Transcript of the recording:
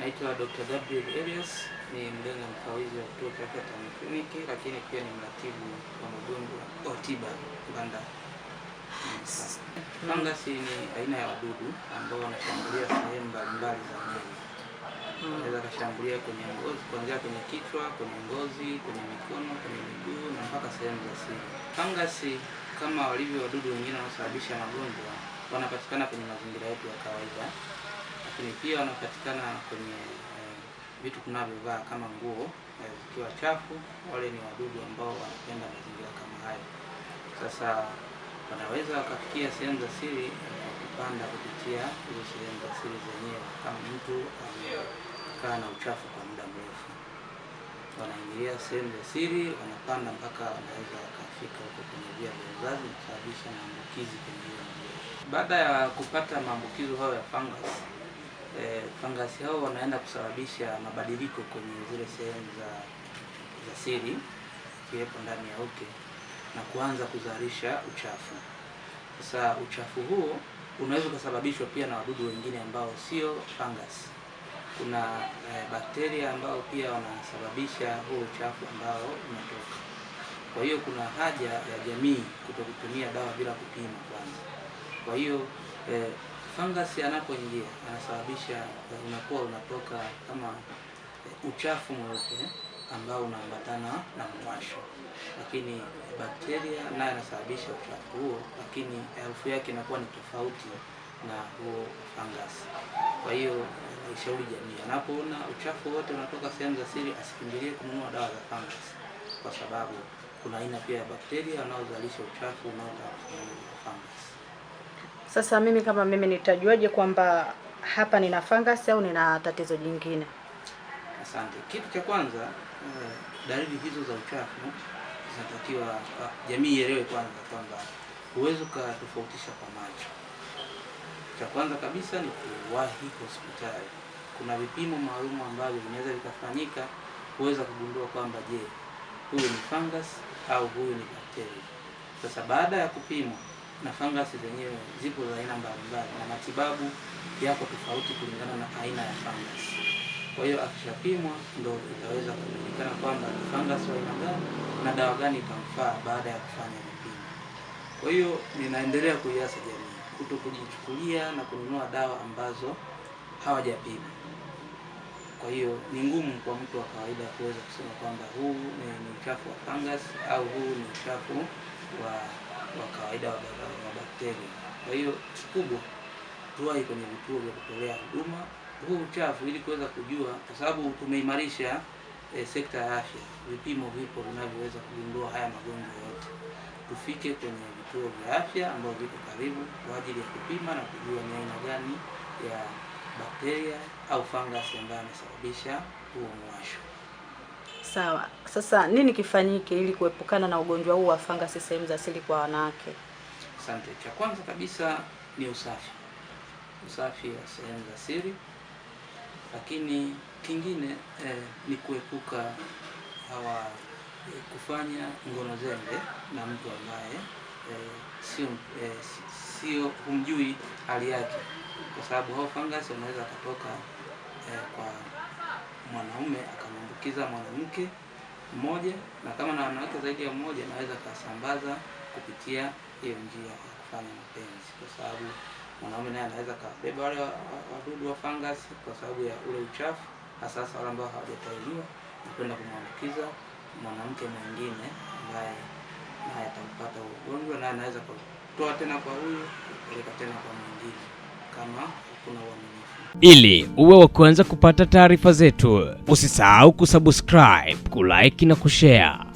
Naitwa Dr. Gabriel Elias, ni mganga mkawizi wa kituo cha afya Kliniki, lakini pia ni mratibu wa magonjwa wa tiba Banda. Fangasi ni aina ya wadudu ambao wanashambulia sehemu mbalimbali za mwili. Anaweza kashambulia kwenye ngozi, kuanzia kwenye kichwa, kwenye ngozi, kwenye mikono, kwenye miguu na mpaka sehemu za siri. Fangasi kama walivyo wadudu wengine wanaosababisha magonjwa wanapatikana kwenye mazingira yetu ya kawaida, lakini pia wanapatikana kwenye eh, vitu tunavyovaa kama nguo eh, zikiwa chafu. Wale ni wadudu ambao wanapenda mazingira kama hayo. Sasa wanaweza wakafikia sehemu za siri eh, kupanda kupitia hizo sehemu za siri zenyewe, kama mtu amekaa na uchafu kwa muda mrefu wanaingilia sehemu za siri, wanapanda mpaka wanaweza wakafika huko kwenye via vya uzazi na kusababisha maambukizi kwenye hiyo njia. Baada ya kupata maambukizo hayo ya fungus, e, eh, fangasi hao wanaenda kusababisha mabadiliko kwenye zile sehemu za za siri ikiwepo ndani ya uke na kuanza kuzalisha uchafu. Sasa uchafu huo unaweza ukasababishwa pia na wadudu wengine ambao sio fungus kuna eh, bakteria ambao pia wanasababisha huo uchafu ambao unatoka. Kwa hiyo kuna haja ya jamii kutokutumia dawa bila kupima kwanza. Kwa hiyo eh, fangasi anapoingia anasababisha eh, unakuwa unatoka kama eh, uchafu mweupe ambao unaambatana na mwasho, lakini bakteria naye anasababisha uchafu huo, lakini harufu yake inakuwa ni tofauti na huo fangasi. Kwa hiyo kuishauri jamii, anapoona uchafu wote unatoka sehemu za siri asikimbilie kununua dawa za fungus, kwa sababu kuna aina pia ya bakteria wanaozalisha uchafu unaotoka fungus. Sasa mimi kama mimi nitajuaje kwamba hapa nina fungus au nina tatizo jingine? Asante. Kitu cha kwanza eh, dalili hizo za uchafu zinatakiwa ah, jamii ielewe kwanza kwamba huwezi ukatofautisha kwa macho cha kwanza kabisa ni kuwahi hospitali. Kuna vipimo maalumu ambavyo vinaweza vikafanyika kuweza kugundua kwamba je, huyu ni fungus au huyu ni bakteria. Sasa baada ya kupimwa na fungus zenyewe zipo za aina mbalimbali na matibabu yako tofauti kulingana na aina ya fungus. Kwa hiyo akishapimwa ndo itaweza kujulikana kwamba ni fungus wa aina gani na dawa gani itamfaa baada ya kufanya vipimo. Kwa hiyo ninaendelea kuiasa jamii kuto kujichukulia na kununua dawa ambazo hawajapima. Kwa hiyo ni ngumu kwa mtu wa kawaida kuweza kusema kwamba huu ni, uchafu wa fungus au huu ni uchafu wa, wa kawaida wa, wa bakteria. Kwa hiyo kikubwa, tuwahi kwenye vituo vya kutolea huduma huu uchafu ili kuweza kujua, kwa sababu tumeimarisha e, sekta ya afya, vipimo vipo vinavyoweza kugundua haya magonjwa yote. Tufike kwenye vituo vya afya ambavyo viko karibu kwa ajili ya kupima na kujua ni aina gani ya bakteria au fangasi ambayo amesababisha huo mwasho. Sawa, sasa nini kifanyike ili kuepukana na ugonjwa huu wa fangasi sehemu za siri kwa wanawake? Asante. Cha kwanza kabisa ni usafi, usafi wa sehemu za siri, lakini Kingine eh, ni kuepuka hawa eh, kufanya ngono zembe na mtu ambaye eh, sio eh, sio humjui hali yake, kwa sababu hao fangasi wanaweza akatoka eh, kwa mwanaume akamwambukiza mwanamke mmoja, na kama na wanawake zaidi ya mmoja, anaweza akasambaza kupitia hiyo njia ya kufanya mapenzi, kwa sababu mwanaume naye anaweza akawabeba wale wadudu wa fangasi kwa sababu ya ule uchafu hasa hasa wale ambao hawajatahiriwa na kwenda kumwambukiza mwanamke mwingine ambaye naye atampata ugonjwa naye anaweza kutoa tena kwa huyu kupeleka tena kwa mwingine kama kuna uaminifu. Ili uwe wa kwanza kupata taarifa zetu, usisahau kusubscribe, kulike na kushare.